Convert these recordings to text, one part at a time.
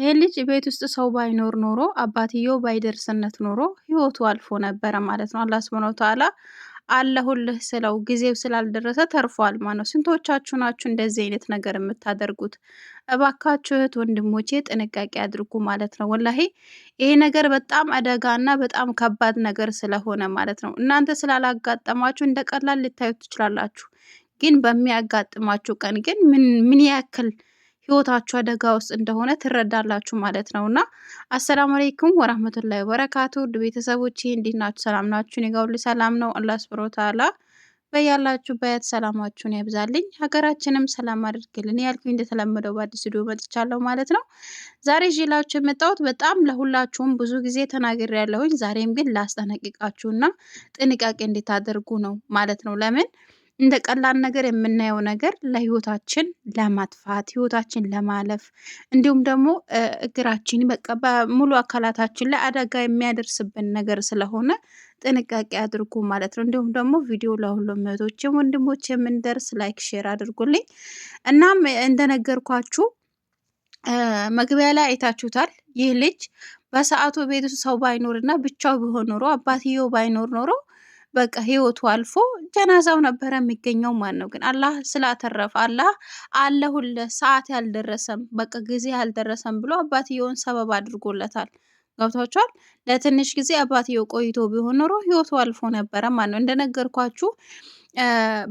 ይሄ ልጅ ቤት ውስጥ ሰው ባይኖር ኖሮ አባትየው ባይደርስነት ኖሮ ህይወቱ አልፎ ነበረ ማለት ነው። አላህ ሱብሃነሁ ወተዓላ አለሁልህ ስለው ጊዜው ስላልደረሰ ተርፏል ማለት ነው። ስንቶቻችሁ ናችሁ እንደዚህ አይነት ነገር የምታደርጉት? እባካችሁ እህት ወንድሞቼ ጥንቃቄ አድርጉ ማለት ነው። ወላሂ ይሄ ነገር በጣም አደጋና በጣም ከባድ ነገር ስለሆነ ማለት ነው። እናንተ ስላላጋጠማችሁ እንደ ቀላል ልታዩት ትችላላችሁ፣ ግን በሚያጋጥማችሁ ቀን ግን ምን ያክል ህይወታችሁ አደጋ ውስጥ እንደሆነ ትረዳላችሁ ማለት ነው። እና አሰላሙ አለይኩም ወራህመቱላሂ ወበረካቱ ውድ ቤተሰቦች እንዴት ናችሁ? ሰላም ናችሁ? እኔ ጋር ሁሉ ሰላም ነው። አላህ ሱብሐነሁ ወተዓላ በያላችሁበት ሰላማችሁን ያብዛልኝ፣ ሀገራችንም ሰላም አድርግልን ያልኩኝ እንደተለመደው በአዲስ ቪዲዮ መጥቻለሁ ማለት ነው። ዛሬ ይዤላችሁ የመጣሁት በጣም ለሁላችሁም ብዙ ጊዜ ያለሁኝ ዛሬም ግን ላስጠነቅቃችሁና ጥንቃቄ እንድታደርጉ ነው ማለት ነው። ለምን እንደ ቀላል ነገር የምናየው ነገር ለህይወታችን ለማጥፋት ህይወታችን ለማለፍ እንዲሁም ደግሞ እግራችን በቃ በሙሉ አካላታችን ላይ አደጋ የሚያደርስብን ነገር ስለሆነ ጥንቃቄ አድርጉ ማለት ነው። እንዲሁም ደግሞ ቪዲዮ ለሁሉም እህቶችም ወንድሞች የምንደርስ ላይክ ሼር አድርጉልኝ። እናም እንደነገርኳችሁ መግቢያ ላይ አይታችሁታል። ይህ ልጅ በሰዓቱ ቤቱ ሰው ባይኖርና ብቻው ቢሆን ኖሮ አባትየው ባይኖር ኖሮ በቃ ህይወቱ አልፎ ጀናዛው ነበረ የሚገኘው። ማን ነው ግን አላህ ስላተረፈ አላህ አለሁለ ሰዓት ያልደረሰም በቃ ጊዜ ያልደረሰም ብሎ አባትየውን ሰበብ አድርጎለታል። ገብቷቸዋል። ለትንሽ ጊዜ አባትየው ቆይቶ ቢሆን ኖሮ ህይወቱ አልፎ ነበረ። ማን ነው እንደነገርኳችሁ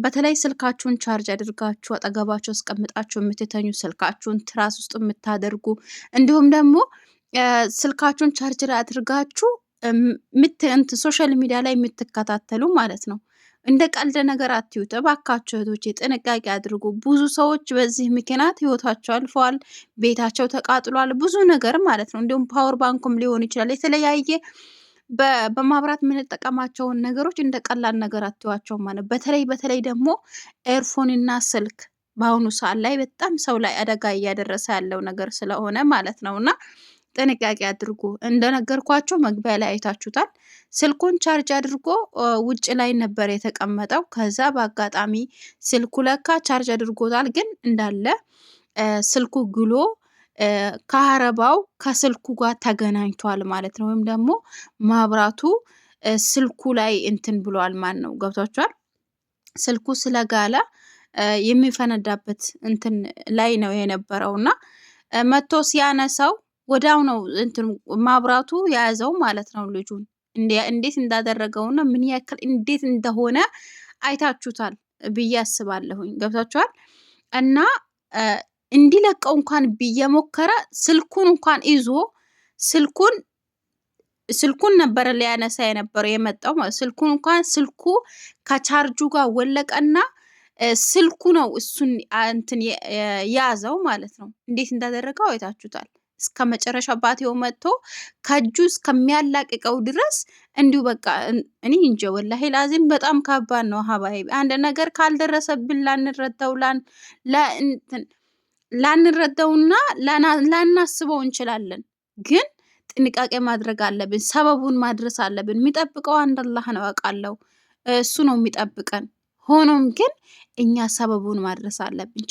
በተለይ ስልካችሁን ቻርጅ አድርጋችሁ አጠገባችሁ አስቀምጣችሁ የምትተኙ ስልካችሁን ትራስ ውስጥ የምታደርጉ እንዲሁም ደግሞ ስልካችሁን ቻርጅ አድርጋችሁ ሶሻል ሚዲያ ላይ የምትከታተሉ ማለት ነው። እንደ ቀልደ ነገር አትዩት እባካችሁ እህቶች ጥንቃቄ አድርጉ። ብዙ ሰዎች በዚህ ምክንያት ህይወታቸው አልፈዋል፣ ቤታቸው ተቃጥሏል፣ ብዙ ነገር ማለት ነው። እንዲሁም ፓወር ባንኩም ሊሆን ይችላል የተለያየ በማብራት የምንጠቀማቸውን ነገሮች እንደ ቀላል ነገር አትዋቸው ማለት በተለይ በተለይ ደግሞ ኤርፎንና ስልክ በአሁኑ ሰዓት ላይ በጣም ሰው ላይ አደጋ እያደረሰ ያለው ነገር ስለሆነ ማለት ነው እና ጥንቃቄ አድርጉ። እንደነገርኳችሁ መግቢያ ላይ አይታችሁታል። ስልኩን ቻርጅ አድርጎ ውጭ ላይ ነበር የተቀመጠው። ከዛ በአጋጣሚ ስልኩ ለካ ቻርጅ አድርጎታል፣ ግን እንዳለ ስልኩ ግሎ ከሀረባው ከስልኩ ጋር ተገናኝቷል ማለት ነው። ወይም ደግሞ ማብራቱ ስልኩ ላይ እንትን ብሏል ማለት ነው። ገብቷችኋል። ስልኩ ስለጋለ የሚፈነዳበት እንትን ላይ ነው የነበረው እና መቶ ሲያነሳው ወዲያው ነው እንትን ማብራቱ የያዘው ማለት ነው ልጁን እንዴት እንዳደረገውና ምን ያክል እንዴት እንደሆነ አይታችሁታል ብዬ አስባለሁኝ። ገብታችኋል እና እንዲለቀው እንኳን ብየሞከረ ስልኩን እንኳን ይዞ ስልኩን ስልኩን ነበረ ሊያነሳ የነበረው የመጣው ስልኩን እንኳን ስልኩ ከቻርጁ ጋር ወለቀና ስልኩ ነው እሱን እንትን የያዘው ማለት ነው። እንዴት እንዳደረገው አይታችሁታል። እስከ መጨረሻ ባቴው መጥቶ ከእጁ እስከሚያላቅቀው ድረስ እንዲሁ በቃ እኔ እንጀ ወላሂ ላዚም በጣም ከባድ ነው። ሀባይ አንድ ነገር ካልደረሰብን ላንረዳው ላንረዳውና ላናስበው እንችላለን፣ ግን ጥንቃቄ ማድረግ አለብን። ሰበቡን ማድረስ አለብን። የሚጠብቀው አንድ አላህ ነው አውቃለሁ። እሱ ነው የሚጠብቀን። ሆኖም ግን እኛ ሰበቡን ማድረስ አለብን።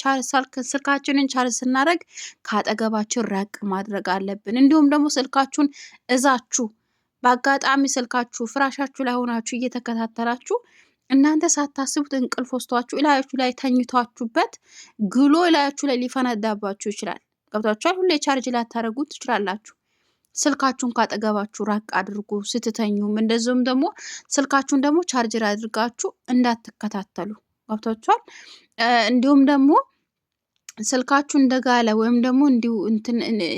ስልካችንን ቻርጅ ስናደርግ ከአጠገባችን ረቅ ማድረግ አለብን። እንዲሁም ደግሞ ስልካችሁን እዛችሁ በአጋጣሚ ስልካችሁ ፍራሻችሁ ላይ ሆናችሁ እየተከታተላችሁ እናንተ ሳታስቡት እንቅልፍ ወስቷችሁ እላያችሁ ላይ ተኝቷችሁበት ግሎ እላያችሁ ላይ ሊፈነዳባችሁ ይችላል። ገብቷችኋል? ሁሌ ቻርጅ ላታደርጉት ትችላላችሁ። ስልካችሁን ካጠገባችሁ ራቅ አድርጉ ስትተኙም። እንደዚሁም ደግሞ ስልካችሁን ደግሞ ቻርጀር አድርጋችሁ እንዳትከታተሉ ገብታችኋል። እንዲሁም ደግሞ ስልካችሁ እንደጋለ ወይም ደግሞ እንዲሁ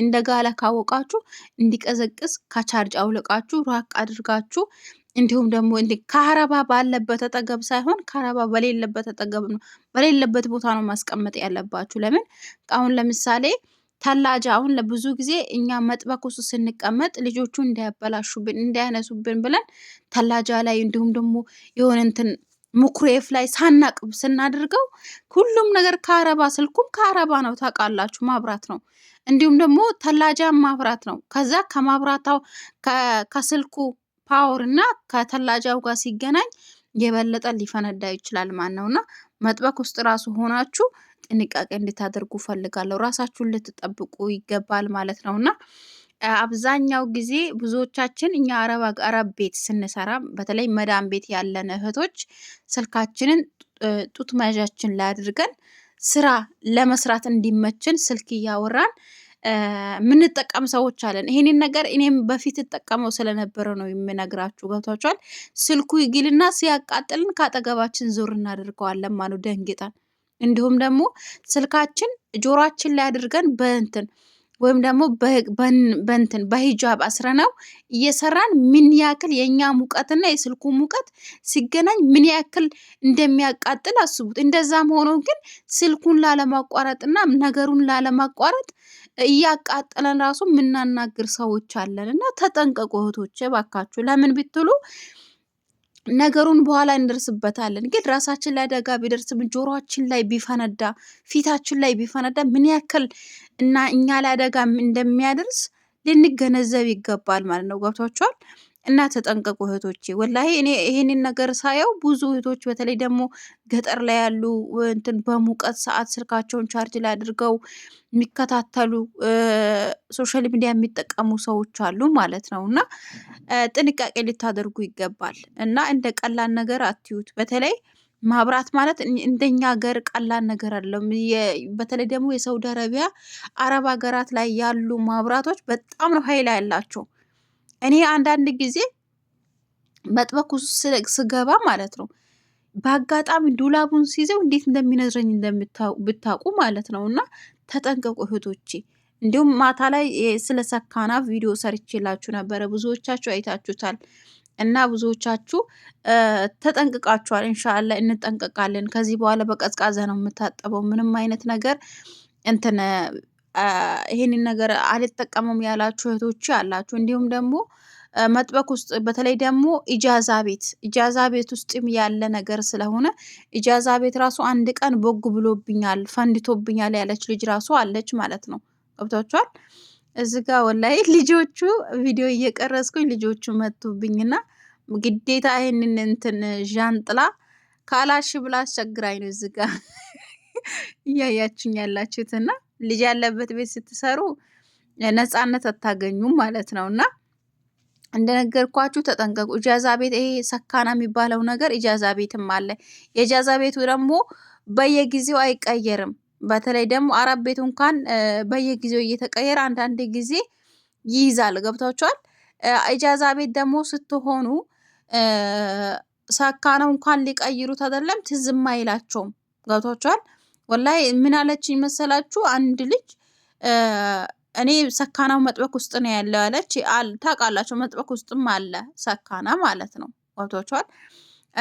እንደጋለ ካወቃችሁ እንዲቀዘቅዝ ከቻርጅ አውለቃችሁ ራቅ አድርጋችሁ እንዲሁም ደግሞ ከአረባ ባለበት አጠገብ ሳይሆን ከአረባ በሌለበት አጠገብ ነው በሌለበት ቦታ ነው ማስቀመጥ ያለባችሁ። ለምን አሁን ለምሳሌ ተላጃ አሁን ለብዙ ጊዜ እኛ መጥበቅ ውስጥ ስንቀመጥ ልጆቹ እንዳያበላሹብን እንዳያነሱብን ብለን ተላጃ ላይ እንዲሁም ደግሞ የሆነ እንትን ሙኩሬፍ ላይ ሳናቅብ ስናደርገው ሁሉም ነገር ከአረባ ስልኩም ከአረባ ነው ታውቃላችሁ፣ ማብራት ነው። እንዲሁም ደግሞ ተላጃ ማብራት ነው። ከዛ ከማብራታው ከስልኩ ፓወር እና ከተላጃው ጋር ሲገናኝ የበለጠ ሊፈነዳ ይችላል። ማን ነውና መጥበቅ ውስጥ ራሱ ሆናችሁ ጥንቃቄ እንድታደርጉ ፈልጋለሁ። ራሳችሁን ልትጠብቁ ይገባል ማለት ነው እና አብዛኛው ጊዜ ብዙዎቻችን እኛ አረብ አረብ ቤት ስንሰራ በተለይ መዳም ቤት ያለን እህቶች ስልካችንን ጡት መያዣችን ላይ አድርገን ስራ ለመስራት እንዲመችን ስልክ እያወራን ምንጠቀም ሰዎች አለን። ይሄንን ነገር እኔም በፊት እጠቀመው ስለነበረ ነው የምነግራችሁ። ገብቷችኋል? ስልኩ ይግልና ሲያቃጥልን ከአጠገባችን ዞር እናደርገዋለን ማለት ደንግጠን እንዲሁም ደግሞ ስልካችን ጆሯችን ላይ አድርገን በእንትን ወይም ደግሞ በእንትን በሂጃብ አስረነው እየሰራን ምን ያክል የእኛ ሙቀትና የስልኩ ሙቀት ሲገናኝ ምን ያክል እንደሚያቃጥል አስቡት። እንደዛም ሆኖ ግን ስልኩን ላለማቋረጥና ነገሩን ላለማቋረጥ እያቃጠለን ራሱ የምናናግር ሰዎች አለን እና ተጠንቀቁ እህቶች ባካችሁ። ለምን ብትሉ ነገሩን በኋላ እንደርስበታለን። ግን ራሳችን ላይ አደጋ ቢደርስብን፣ ጆሮችን ላይ ቢፈነዳ፣ ፊታችን ላይ ቢፈነዳ ምን ያክል እና እኛ ላይ አደጋ እንደሚያደርስ ልንገነዘብ ይገባል ማለት ነው። ገብቷችኋል? እና ተጠንቀቁ እህቶቼ። ወላሂ እኔ ይህንን ነገር ሳየው ብዙ እህቶች በተለይ ደግሞ ገጠር ላይ ያሉ እንትን በሙቀት ሰዓት ስልካቸውን ቻርጅ ላይ አድርገው የሚከታተሉ ሶሻል ሚዲያ የሚጠቀሙ ሰዎች አሉ ማለት ነው። እና ጥንቃቄ ልታደርጉ ይገባል እና እንደ ቀላል ነገር አትዩት። በተለይ ማብራት ማለት እንደኛ ሀገር ቀላል ነገር አለው። በተለይ ደግሞ የሳውዲ አረቢያ፣ አረብ ሀገራት ላይ ያሉ ማብራቶች በጣም ነው ኃይል ያላቸው እኔ አንዳንድ ጊዜ ውስጥ ስገባ ማለት ነው በአጋጣሚ ዱላቡን ሲይዘው እንዴት እንደሚነዝረኝ ብታውቁ ማለት ነው። እና ተጠንቀቁ እህቶቼ። እንዲሁም ማታ ላይ ስለ ሰካና ቪዲዮ ሰርቼላችሁ ነበረ፣ ብዙዎቻችሁ አይታችሁታል። እና ብዙዎቻችሁ ተጠንቅቃችኋል። እንሻላ እንጠንቀቃለን። ከዚህ በኋላ በቀዝቃዛ ነው የምታጠበው። ምንም አይነት ነገር እንትን ይሄንን ነገር አልጠቀምም ያላችሁ እህቶች አላችሁ። እንዲሁም ደግሞ መጥበቅ ውስጥ በተለይ ደግሞ ኢጃዛ ቤት ኢጃዛ ቤት ውስጥም ያለ ነገር ስለሆነ ኢጃዛ ቤት ራሱ አንድ ቀን ቦግ ብሎብኛል፣ ፈንድቶብኛል ያለች ልጅ ራሱ አለች ማለት ነው። ገብቷችኋል? እዚ ጋ ወላይ ልጆቹ ቪዲዮ እየቀረጽኩኝ ልጆቹ መጡብኝና ግዴታ ይህንን እንትን ዣንጥላ ካላሽ ብላ አስቸግራኝ ነው እዚ ጋ እያያችኝ ያላችሁትና ልጅ ያለበት ቤት ስትሰሩ ነፃነት አታገኙም ማለት ነው እና እንደነገርኳችሁ ተጠንቀቁ። ኢጃዛ ቤት ይሄ ሰካና የሚባለው ነገር ኢጃዛ ቤትም አለ። የእጃዛ ቤቱ ደግሞ በየጊዜው አይቀየርም። በተለይ ደግሞ አረብ ቤቱ እንኳን በየጊዜው እየተቀየረ አንዳንድ ጊዜ ይይዛል። ገብታችኋል? ኢጃዛ ቤት ደግሞ ስትሆኑ ሰካናው እንኳን ሊቀይሩት አይደለም ትዝም አይላቸውም። ገብታችኋል? ወላይ ምን አለችኝ መሰላችሁ? አንድ ልጅ እኔ ሰካናው መጥበቅ ውስጥ ነው ያለው ያለች ታውቃላችሁ። መጥበቅ ውስጥም አለ ሰካና ማለት ነው። ገብቷችኋል?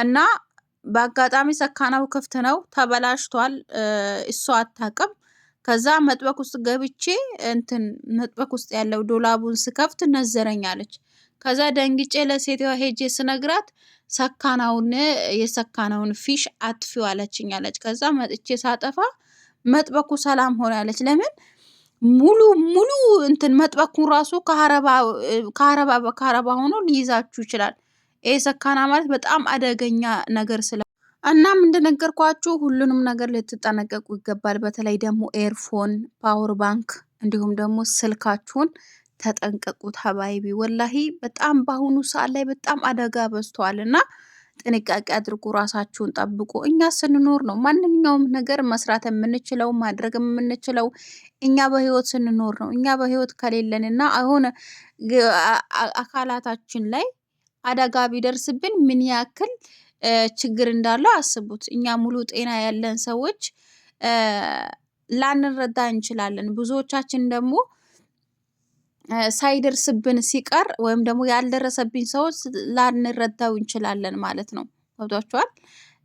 እና በአጋጣሚ ሰካናው ክፍት ነው፣ ተበላሽቷል። እሷ አታውቅም። ከዛ መጥበቅ ውስጥ ገብቼ እንትን መጥበቅ ውስጥ ያለው ዶላቡን ስከፍት ነዘረኝ አለች። ከዛ ደንግጬ ለሴትዋ ሄጄ ስነግራት ሰካናውን የሰካናውን ፊሽ አጥፊው አለችኝ አለች። ከዛ መጥቼ ሳጠፋ መጥበኩ ሰላም ሆነ አለች። ለምን ሙሉ ሙሉ እንትን መጥበኩን ራሱ ከአረባ ከአረባ ሆኖ ሊይዛችሁ ይችላል። ይህ ሰካና ማለት በጣም አደገኛ ነገር ስለ እናም እንደነገርኳችሁ ሁሉንም ነገር ልትጠነቀቁ ይገባል። በተለይ ደግሞ ኤርፎን፣ ፓወር ባንክ እንዲሁም ደግሞ ስልካችሁን ተጠንቀቁት ሀባይቢ ወላሂ በጣም በአሁኑ ሰዓት ላይ በጣም አደጋ በዝቷል እና ጥንቃቄ አድርጉ፣ ራሳችሁን ጠብቁ። እኛ ስንኖር ነው ማንኛውም ነገር መስራት የምንችለው ማድረግ የምንችለው እኛ በህይወት ስንኖር ነው። እኛ በህይወት እና አሁን አካላታችን ላይ አደጋ ቢደርስብን ምን ያክል ችግር እንዳለው አስቡት። እኛ ሙሉ ጤና ያለን ሰዎች ላንረዳ እንችላለን። ብዙዎቻችን ደግሞ ሳይደርስብን ሲቀር ወይም ደግሞ ያልደረሰብኝ ሰዎች ላንረዳው እንችላለን ማለት ነው። ገብቷችኋል?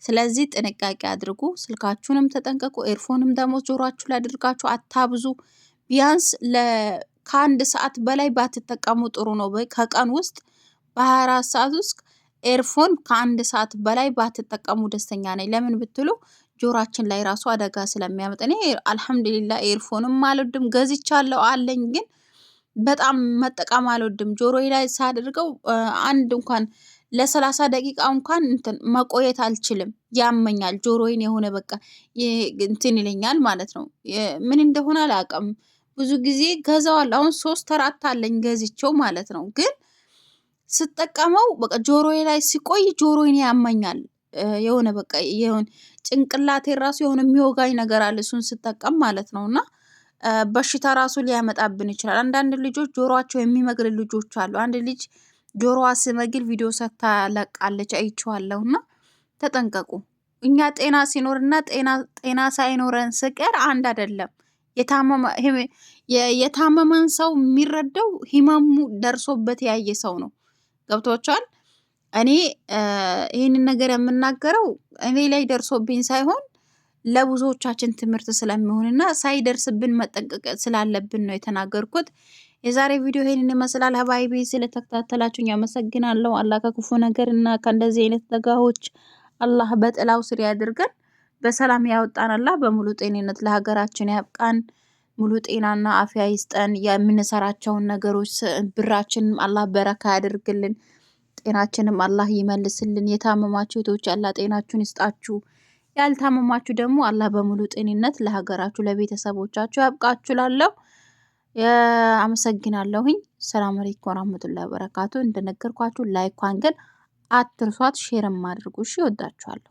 ስለዚህ ጥንቃቄ አድርጉ። ስልካችሁንም ተጠንቀቁ። ኤርፎንም ደግሞ ጆሯችሁ ላይ አድርጋችሁ አታብዙ። ቢያንስ ከአንድ ሰዓት በላይ ባትጠቀሙ ጥሩ ነው። ከቀን ውስጥ በሀያ አራት ሰዓት ውስጥ ኤርፎን ከአንድ ሰዓት በላይ ባትጠቀሙ ደስተኛ ነኝ። ለምን ብትሉ ጆሯችን ላይ ራሱ አደጋ ስለሚያመጣ። እኔ አልሐምዱሊላ ኤርፎንም አልወድም ገዝቻለሁ አለኝ ግን በጣም መጠቀም አልወድም። ጆሮ ላይ ሳድርገው አንድ እንኳን ለሰላሳ ደቂቃ እንኳን እንትን መቆየት አልችልም ያመኛል። ጆሮዬን የሆነ በቃ እንትን ይለኛል ማለት ነው። ምን እንደሆነ አላውቅም። ብዙ ጊዜ ገዛዋል። አሁን ሶስት አራት አለኝ ገዝቼው ማለት ነው። ግን ስጠቀመው በቃ ጆሮዬ ላይ ሲቆይ ጆሮዬን ያመኛል። የሆነ በቃ የሆነ ጭንቅላቴ ራሱ የሆነ የሚወጋኝ ነገር አለ እሱን ስጠቀም ማለት ነው። እና በሽታ ራሱ ሊያመጣብን ይችላል። አንዳንድ ልጆች ጆሮቸው የሚመግል ልጆች አሉ። አንድ ልጅ ጆሮዋ ስመግል ቪዲዮ ሰታ ለቃለች አይቼዋለሁ። እና ተጠንቀቁ። እኛ ጤና ሲኖርና ጤና ጤና ሳይኖረን ስቀር አንድ አይደለም። የታመመን ሰው የሚረዳው ህመሙ ደርሶበት ያየ ሰው ነው። ገብቶቿል። እኔ ይህንን ነገር የምናገረው እኔ ላይ ደርሶብኝ ሳይሆን ለብዙዎቻችን ትምህርት ስለሚሆንና ሳይደርስብን መጠንቀቅ ስላለብን ነው የተናገርኩት። የዛሬ ቪዲዮ ይሄንን ይመስላል። ሀባይቢ ስለተከታተላችሁኝ አመሰግናለሁ። አላህ ከክፉ ነገር እና ከእንደዚህ አይነት ነጋዎች አላህ በጥላው ስር ያድርገን። በሰላም ያወጣን አላህ በሙሉ ጤንነት ለሀገራችን ያብቃን። ሙሉ ጤናና አፍያ ይስጠን። የምንሰራቸውን ነገሮች ብራችንም አላህ በረካ ያደርግልን። ጤናችንም አላህ ይመልስልን። የታመማችሁ እህቶች አላህ ጤናችሁን ይስጣችሁ። ያልታመማችሁ ደግሞ አላህ በሙሉ ጤንነት ለሀገራችሁ ለቤተሰቦቻችሁ ያብቃችሁ። ላለው አመሰግናለሁኝ። ሰላም አለይኩም ወራህመቱላሂ ወበረካቱ። እንደነገርኳችሁ ላይኳን ግን አትርሷት፣ ሼርም አድርጉ። እሺ፣ እወዳችኋለሁ።